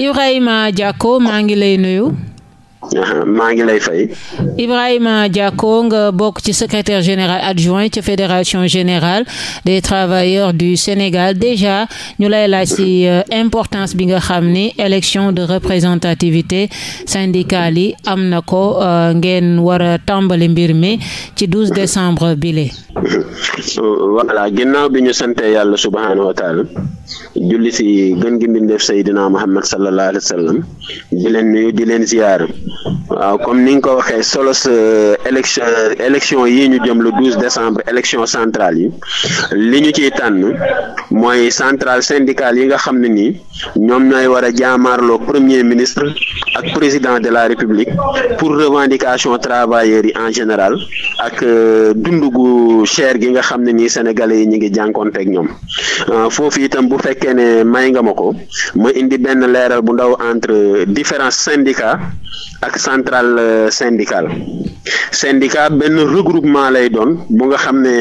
Ibrahima Diacko maa ngi lay nuyu. maa ngi lay fay. Ibrahima Diacko nga bokk ci secretaire général adjoint ci fédération général des travailleurs du Sénégal déjà ñu lay laaj ci euh, importance bi nga xam ni élection de représentativité syndicale yi am na ko euh, ngeen war a tàmbali mbir mi ci 12 décembre bi le. ginnaaw bi ñu sante yàlla subhaanahu julli si gën gi mbindeef Seydina Muhammad sallallahu alayhi wa sallam di leen nuyu di leen ziyaar waaw comme ni nga ko waxee solo sa euh, élection élection yi ñu jëm le douze décembre élection centrale yi li ñu ciy tànn mooy centrale syndicale yi nga xam ne nii ñoom ñooy war a jaamaarloo premier ministre ak président de la république pour revendication travailleurs yi en général ak euh, dund gu cher gi nga xam ne nii sénégalais yi ñu ngi jànkoonteeg ñoom euh, foofu itam bu fekkee ne may nga ma ko ma indi benn leeral bu ndaw entre différence syndicat ak centrale euh, syndicale syndicat benn regroupement lay doon bu nga xam ne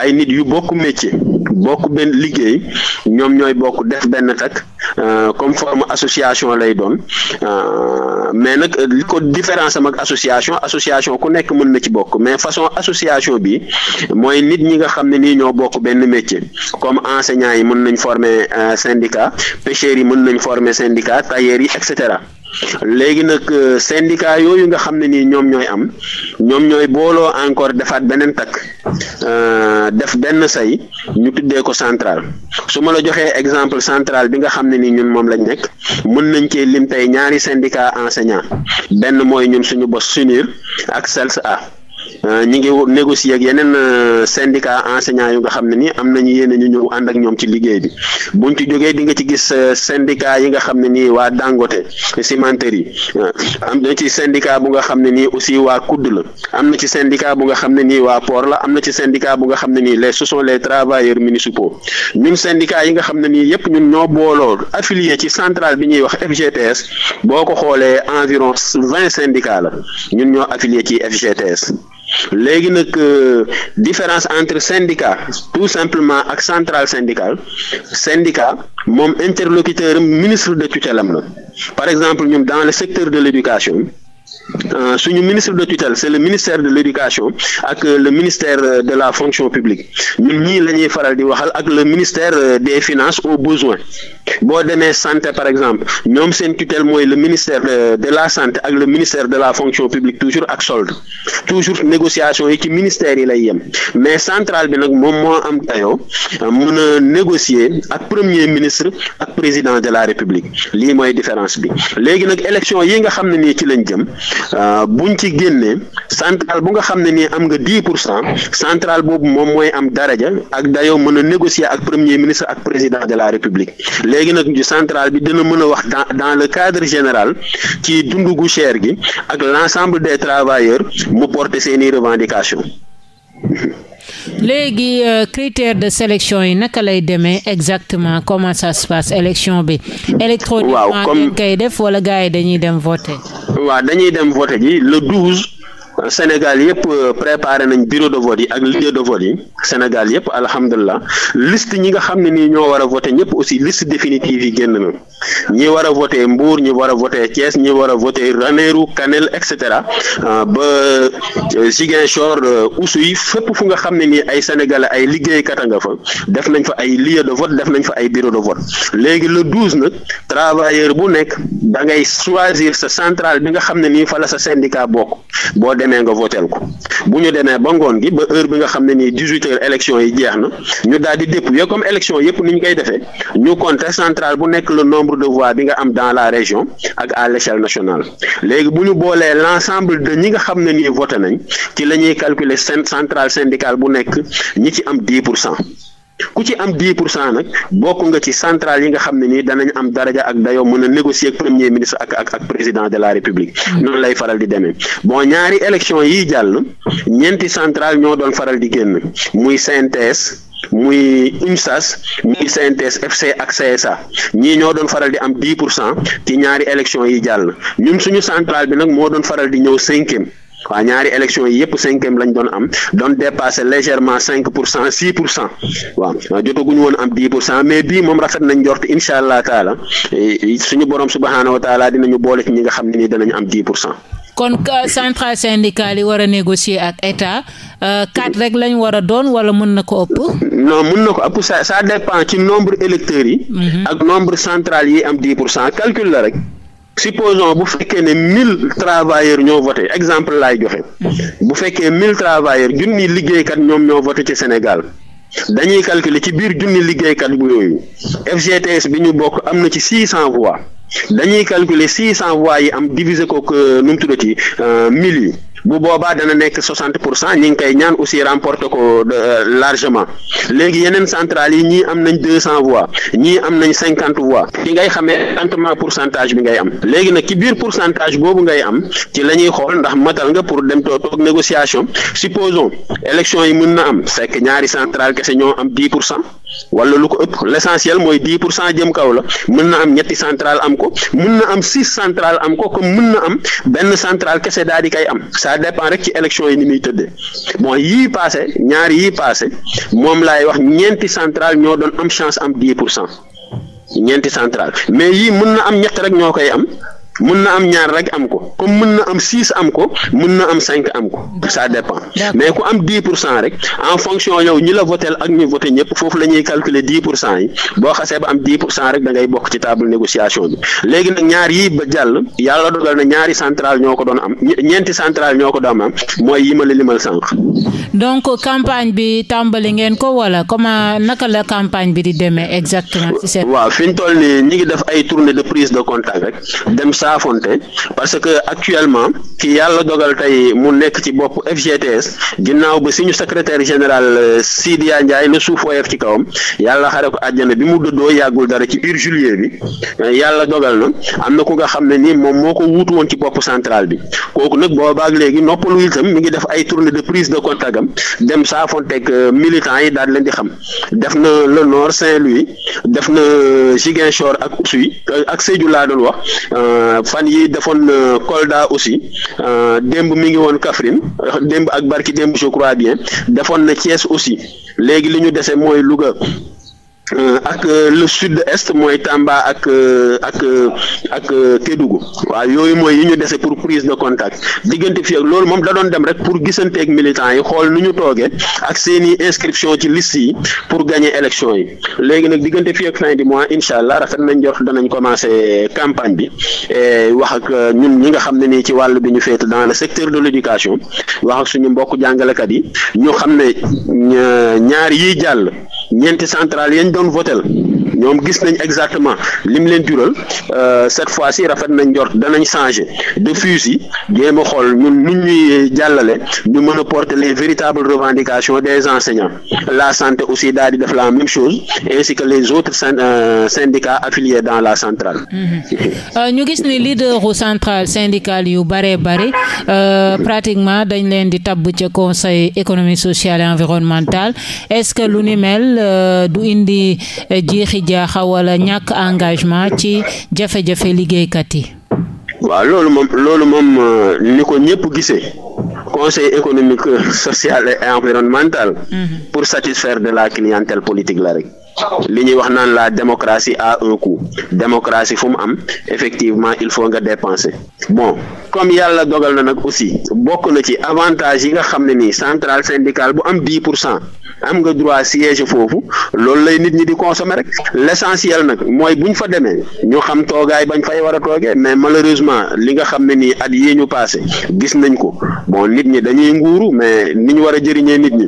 ay nit yu bokk métier bokk benn liggéey ñoom ñooy bokk def benn takk euh, comme forme association lay doon euh, mais nag li ko différence am association association ku nekk mën na ci bokk mais façon association bi mooy nit ñi nga xam ne nii ñoo bokk benn métier comme enseignants yi mën nañ former euh, syndicat pêcheurs yi mën nañ former syndicat tailleurs yi et cetera. léegi nag euh, syndicat yooyu nga xam ne nii ñoom ñooy am ñoom ñooy booloo encore defaat beneen takk euh, def benn say ñu tuddee ko central su ma la joxee exemple centrale bi nga xam ne nii ñun moom lañ nekk mën nañ cee lim tey ñaari syndicat enseignant benn mooy ñun suñu bos sunir ak SELS-A ñu ngi négocier ak yeneen euh, syndicat enseignants yu nga xam ne nii am nañu yéene ñu ñëw ànd ak ñoom ci liggéey bi buñ ci jógee di nga ci gis euh, syndicat yi nga xam ne nii waa Dangote cimenterie euh, am na ci syndicat bu nga xam ne nii aussi waa kudd la am na ci syndicat bu nga xam ne nii waa port am na ci syndicat bu nga xam ne nii les ce sont les travailleurs municipaux ñun syndicat yi nga xam ne nii yëpp ñun ñoo booloo affilié ci centrale bi ñuy wax FGTS boo ko xoolee environ vingt syndicats la ñun ñoo affilié ci FGTS léegi nag euh, différence entre syndicat tout simplement ak centrale syndicale syndicat moom interlocuteur am ministre de tutelle am la par exemple ñoom dans le secteur de l'éducation Euh, suñu ministre de tutelle c' le ministère de l' éducation ak le ministère de la fonction publique ñun ñii la ñuy faral di waxal ak le ministère euh, des finance aux besoins boo demee santé par exemple ñoom seen tutelle mooy le ministère euh, de la santé ak le ministère de la fonction publique toujours ak solde toujours négociation yi ci ministère yi lay yem mais centrale bi nag moom moo am dayoo mën a négocier ak premier ministre ak président de la république lii mooy différence bi léegi nag élection yi nga xam ne nii ci lañ jëm. bu euh, buñ ci génnee central bu nga xam ne nii am nga dix pour cent central boobu moom mooy am daraja ak dayoo mën a négocier ak premier ministre ak président de la république léegi nag central bi dina mën a wax dans dans le cadre général ci dundu gu cher gi ak l'ensemble des travailleurs mu porter seeni revendications léegi euh, critère de sélection yi naka lay demee exactement comment ça se passe élection bi. électroniquement ngeen koy def wala gars yi dañuy dem voter. waaw dañuy dem voter ji le douze. Sénégal yëpp euh, préparé nañ bureau de vote yi ak lieu de vote yi Sénégal yëpp alhamdulilah liste ñi nga xam ne nii ñoo war a voté ñëpp aussi liste définitive yi génn na ñi war a voté Mbour ñi war a voté Thiès ñi war a voté Ranérou Kanel et cetera euh, ba euh, Ziguinchor yi fépp fu nga xam ne nii ay sénégalais ay liggéeykat a nga fa def nañ fa ay lieu de vote def nañ fa ay bureau de vote léegi le douze nag travailleur bu nekk da ngay choisir sa centrale bi nga xam ne nii fa la sa syndicat demee nga voteel ko bu ñu demee ba ngoon gi ba heure bi nga xam ne nii dix huit élection yi jeex na ñu daal di dépouiller comme élection yëpp ni ñu koy defee ñu compter central bu nekk le nombre de voix bi nga am dans la région ak à l'échelle nationale léegi bu ñu boolee l'ensemble de ñi nga xam ne nii voté nañ ci la ñuy calculer centrale syndicale bu nekk ñi ci am dix pour cent ku ci am 10 pour cent nag bokk nga ci centrale yi nga xam ne nii danañ am daraja ak dayoo mën a négocier ak premier ministre ak ak ak président de la république mm. noonu lay faral di demee bon ñaari élection yi jàll ñeenti centrale ñoo doon faral di génn muy CNTS muy UNSAS muy CNTS FC ak CSA ñii ñoo doon faral di am 10 pour cent ci ñaari élection yi jàll ñun suñu central bi nag moo doon faral di ñëw cinquième waa ñaari élection yi yëpp cinquième lañ doon am doon dépassé légèrement cinq pour cent six pour cent waaw jotaguñu woon am mais bii moom rafet nañ jort incha taala eh, suñu borom subhaana wa taala dinañu boole ci ñi nga xam ne nii danañu am a négocier euh, a doon wala yi. Mhm. ak nombre yi am dix pour cent calcul la rek. supposons bu fekkee ne mille travailleurs ñoo voté exemple laay joxe mm-hmm. bu fekkee mille travailleurs junni liggéeykat ñoom ñoo voté ci Sénégal dañuy calculer ci biir junni liggéeykat bu yooyu FGTS bi ñu bokk am na ci six cent voix dañuy calculer six cent voix yi am diviser ko nu mu tuddati euh, mille yi. bu boobaa dana nekk soixante pour cent ñi ngi koy ñaan aussi remporter ko euh, largement léegi yeneen centrales yi ñii am nañ deux cent voix ñii am nañ cinquante voix fi ngay xamee pour pourcentage bi ngay am léegi nag ci biir pour pourcentage boobu ngay am ci la ñuy xool ndax matal nga pour dem too toog négociation supposons élection yi mun na am fekk ñaari centrale kese ñoo am dix pour cent wala lu ko ëpp l' mooy dix pour cent jëm kaw la mën na am ñetti centrale am ko mun na am si centrale am ko comme mun na am benn centrale kese daal di kay am ça dépend rek ci élection yi ni muy tëddee bon yii paase ñaari yii paase moom laay wax ñeenti central ñoo doon am chance am dix pour cent ñeenti central mais yii mun na am ñett rek ñoo koy am mun na am ñaar rek am ko comme mën na am six am ko mën na am cinq am ko sa dépend mais ku am dix pour cent rek en fonction yow ñi la votel ak ñu voté ñëpp foofu la ñuy calculer dix pour cent yi boo xasee ba am dix pour cent rek da bokk ci table négociation bi léegi nag ñaar yii ba jàll yàlla dogal na ñaari central ñoo ko doon am ñeenti central ñoo ko doon am mooy yi ma la limal sànq. donc campagne bi tàmbali ngeen ko wala comment naka la campagne bi di demee exactement. waaw fi ñu toll nii ñu ngi def ay tournée de prise de contact rek saafonte parce que actuellement ki yàlla dogal tey mu nekk ci bopp FGTS ginnaaw ba suñu secrétaire général euh, Sidiya Ndiaye la suuf woyof ci kawam yàlla xare ko àjjana bi mu dëddoo yàggul dara ci biir juillet bi euh, yàlla dogal na am na ko nga xam ne nii moom moo ko wuutu woon ci bopp centrale bi kooku nag boobaag léegi noppalu itam mu ngi def ay tournée de prise de contact dem dem saafonteeg euh, militants yi daal leen di xam def na le nord Saint-Louis def na Ziguinchor ak fan yi defoon na euh, Kolda aussi euh, démb mi ngi woon Kaffrine euh, démb ak barki démb je crois bien defoon na Thiès aussi léegi li ñu dese mooy Louga. Euh, ak euh, le sud-est mooy Tamba ak euh, ak ak Kédougou waa yooyu mooy yu ñu dese pour prise de contact diggante fii ak loolu moom da doon dem rek pour gisante ak militants yi xool nu ñu toogee ak seeni inscription ci list yi pour gagner élection yi léegi nag diggante fii ak fin du mois incha allah rafet nañ jot danañ commencer campagne bi e wax ak ñun ñi nga xam ne nii ci wàll bi ñu féete dans le secteur de l'éducation wax ak suñu mbokk jàngalekat yi ñu xam ne ñaar yiy jàll. ñeenti central yañ doon votel ñoom gis nañ exactement lim leen jural euh, cette fois ci rafet nañ njort danañ changer de fusil jéem a xool nu ñuy jàllale ñu mën a porter les véritables revendications des enseignants la santé aussi daal di def la même chose ainsi que les autres euh, syndicats affiliés dans la centrale. Mm-hmm. Euh, ñu gis ni leader ru centrale yu bare bare pratiquement dañ leen di tabb ca conseil économique social et environnemental est-ce que lu ni mel du indi jiixi jaaxa wala ñàkk engagement ci jafe-jafe liggéeykat yi. waaw loolu moom loolu moom euh, ni ko ñëpp gisee conseil économique social et environnemental. Mhm. pour satisfaire de la clientèle politique la rek. li ñuy wax naan la démocratie a un coût démocratie fu mu am effectivement il faut nga dépenser bon comme yàlla dogal na nag aussi bokk na ci avantage yi nga xam ne nii centrale syndicale bu am 10 pour cent. am nga droit siège foofu loolu lay nit ñi di consommer rek l' nag mooy bu ñu fa demee ñu xam toogaay bañ fay war a toogee mais malheureusement li nga xam ne nii at yii ñu passé gis nañ ko bon nit ñi dañuy nguuru mais ni ñu war a jëriñee nit ñi.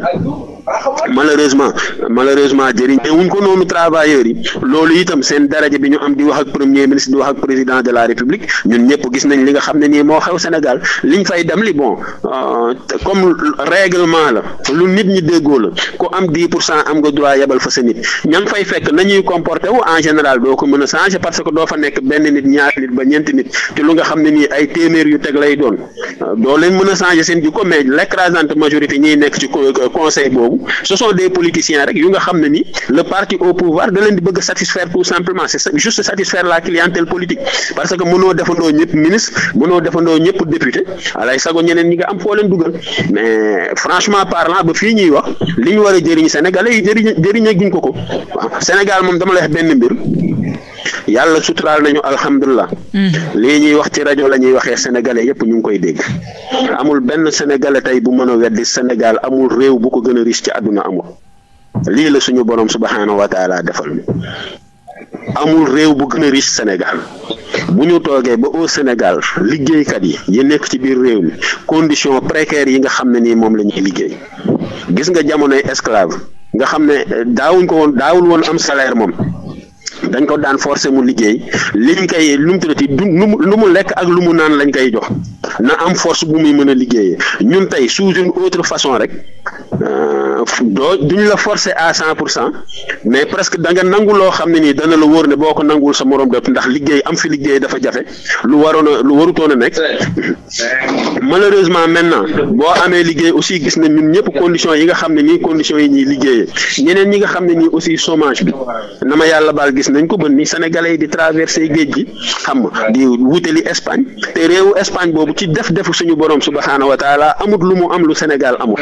malheureusement malheureusement jëriñ mais wuñ ko noonu travailleurs yi loolu itam seen daraja bi ñu am di wax ak premier ministre di wax ak président de la république ñun ñëpp gis nañ li nga xam ne nii moo xew Sénégal liñ fay dem li bon euh, comme règlement la lu nit ñi déggoo la ku am pour cent am nga droit yebal fa sa nit ña nga fay fekk nañuy comporté wu en général doo ko mën a changer parce que doo fa nekk benn nit ñaari nit ba ñeent nit te lu nga xam ne nii ay téeméer yu teg lay doon doo leen mën a changer seen nekk ci euh, conseil boobu boobu ce sont des politiciens rek yu nga xam ne ni le parti au pouvoir da leen di bëgg satisfaire tout simplement c'est juste satisfaire la clientèle politique parce que mënoo defandoo ñëpp ministre mënoo defandoo ñëpp député alay sago ñeneen ñi nga am foo leen dugal mais franchement parlant ba fii ñuy wax li ñu war a jëriñ Sénégalais yi jëriñ jëriñe giñ ko ko waaw Sénégal moom dama lay wax benn mbir yàlla suturaal nañu alhamdulilah. Hmm. lii ñuy wax ci rajo la ñuy waxee sénégalais yépp ñu ngi koy dégg amul benn sénégalais tey bu mën a weddi Sénégal amul réew bu ko gën a riche ci àdduna amul la suñu borom subhaanahu wa taala defal réew bu gën a riche Sénégal bu ñu toogee ba au Sénégal liggéeykat yi yi nekk ci biir réew mi condition précaire yi nga xam ne nii moom la ñuy liggéey gis nga jamonoy esclave nga xam ne eh, daawuñ ko woon daawul woon am salaire moom dañ ko daan forcé mu liggéey liñ koy lu mu tuddati du lu mu lu mu lekk ak lu mu naan lañ koy jox na am force bu muy mën a liggéeyee ñun tey sous une autre façon rek. doo duñu la forcer à cent pour cent mais presque da nga nangu loo xam ne nii dana la wóor ne boo ko nanguwul sa morom def ndax liggéey am fi liggéey dafa jafe lu waroon a lu warutoon a nekk malheureusement maintenant boo amee liggéey aussi gis na ñun ñëpp conditions yi nga xam ne nii condition yi ñuy liggéeyee ñeneen ñi nga xam ne nii aussi chômage bi na ma yàlla baal gis nañ ko ba ni sénégalais yi di traversé géej gi xam di wutali Espagne te réewu Espagne boobu ci def defu suñu borom subhaanahu wa taala amut lu mu am lu Sénégal amut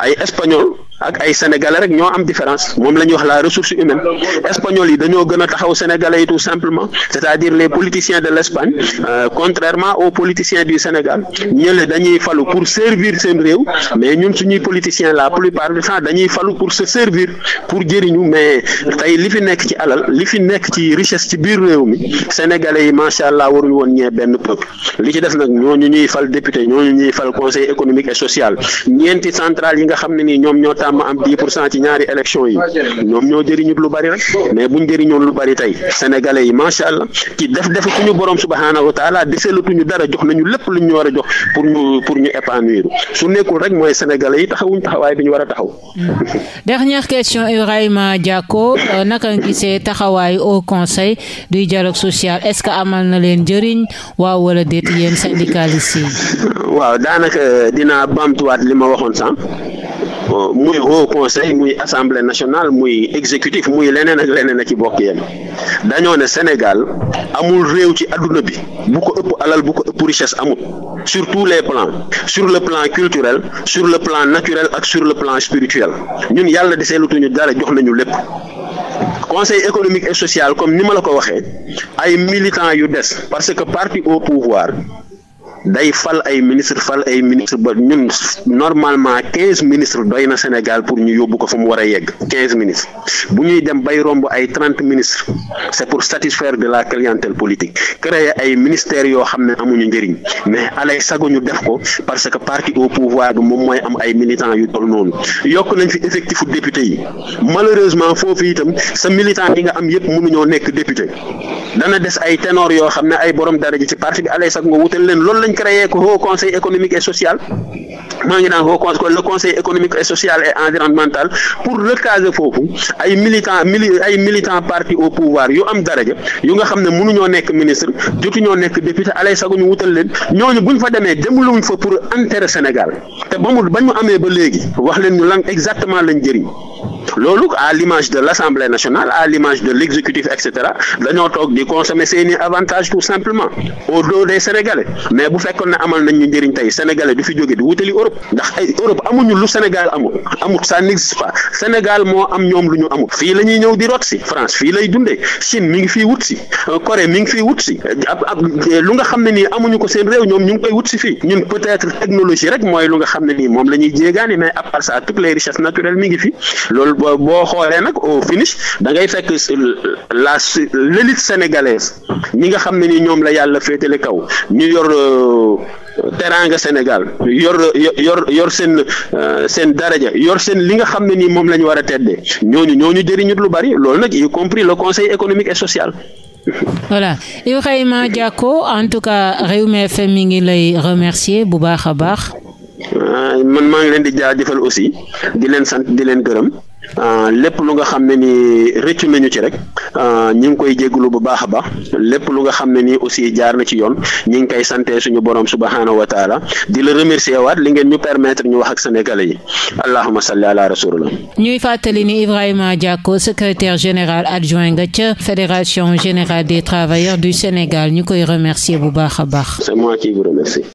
ay espagnol ak ay sénégalais rek ñoo am différence moom la ñuy wax la ressource humaine espagnol yi dañoo gën a taxaw sénégalais yi tout simplement c'est-à-dire les politiciens de l'Espagne euh, contrairement aux politiciens du Sénégal ñële dañuy falu pour servir seen réew mais ñun suñuy politiciens la plupart du temps dañuy falu pour se servir pour jëriñu mais tey li fi nekk ci alal li fi nekk ci richesse ci biir réew mi sénégalais yi macha allah waruñu woon ñee benn peuple li ci def nag ñooñu ñuy fal député ñooñu ñuy fal conseil économique social ñeenti tax ma am 10 pour cent ci ñaari élection yi ñoom ñoo jëriñut lu bari rek mais buñ jëriñoon lu bari tey sénégalais yi macha allah ci def defatuñu borom subhaanahu wa taala deselatuñu dara jox nañu lépp luñ ñu war a jox pour ñu pour ñu épanouir su nekkul rek mooy sénégalais yi taxawuñ taxawaay bi ñu a taxaw. Hmm. dernière question Ibrahima Diacko euh, naka nga gisee taxawaay au conseil du dialogue social est-ce que amal na leen njëriñ waaw wala déet yéen syndicalistes yi. waaw daanaka euh, dinaa bamtuwaat li muy haut conseil muy assemblée nationale muy exécutif muy leneen ak leneen a ci bokk yam dañoo ne Sénégal amul réew ci àdduna bi bu ko ëpp alal bu ko ëpp richesse amut sur tous les plans sur le plans culturel sur le plan naturels ak sur le plan spirituel ñun yàlla di seelutuñu dara jox nañu lépp conseil économique et social comme ni ma la ko waxee ay militants yu des parce que partie au pouvoir day fal ay ministre fal ay ministre ba ñun normalement quinze ministre doy na Sénégal pour ñu yóbbu ko fa mu war a yegg quinze ministre bu ñuy dem bay romb ay trente ministre c'est pour satisfaire de la clientèle politique créer ay ministères yoo xam ne amuñu njëriñ mais alay sago ñu def ko parce que parti au pouvoir bi moom mooy am ay militants yu toll noonu yokk nañ fi effectifu député yi malheureusement foofu itam sa militant yi nga am yëpp mënuñoo nekk député dana des ay ténor yoo xam ne ay borom dara ci parti bi alay sax nga wutal leen loolu lañ créé ko haut conseil économique et social maa ngi naan haut conseil le conseil économique et social et environnemental pour recaser foofu ay militants mili ay militants parti au pouvoir yu am daraja yu nga xam ne mënuñoo nekk ministre ñoo nekk député alay sax ñu wutal leen ñooñu buñ fa demee demuluñ fa pour intérêt Sénégal te ba mu ba ñu amee ba léegi wax leen lan exactement lañ jëriñ. loolu à l'image de l'Assemblée nationale à l'image de l'exécutif et cetera dañoo toog di consommer seeni avantage tout simplement au dos des Sénégalais mais bu fekkoon ne amal nañ ñu njëriñ tey Sénégalais du fi jóge di wutali Europe ndax ay Europe amuñu lu Sénégal amul amul ça n'existe pas Sénégal moo am ñoom lu ñu amul fii la ñuy ñëw di root si France fii lay dundee Chine mi ngi fii wut si euh, Corée mi ngi fii wut si ab ab lu nga xam ne nii amuñu ko seen réew ñoom ñu ngi koy wut si fii ñun peut-être technologie mooy lu nga xam ne nii moom la ñuy jéegaani mais à part ça toutes mi ngi fi boo xoolee nag au finish da ngay fekk la l'élite sénégalaise ñi nga xam ne ni ñoom la yàlla féetale kaw ñu yor euh, teraanga Sénégal yor yor yor seen euh, seen daraja yor seen li nga xam ne nii moom la ñu war a teddee ñooñu ñooñu jëriñut lu bari loolu nag y compris le conseil économique et social. voilà Ibrahima Diacko en tout cas Rewmi FM mi ngi lay remercier bu baax a baax. Ah, man maa ngi leen di jaar jaajëfal aussi di leen sant di leen gërëm. Euh, lépp lu nga xam ne ni rëccu nañu ci rek euh, ñi ngi koy jégalu bu baax a baax lépp lu nga xam ne ni aussi jaar na ci yoon ñi ngi koy sante suñu borom subhaanahu wa taala di la remercier waat li ngeen ñu permettre ñu wax ak sénégalais yi allahuma salli ala rasulillah ñuy fàttali ni Ibrahima Diacko secrétaire général adjoint nga ca fédération générale des travailleurs du Sénégal ñu koy remercier bu baax a baax. C'est moi qui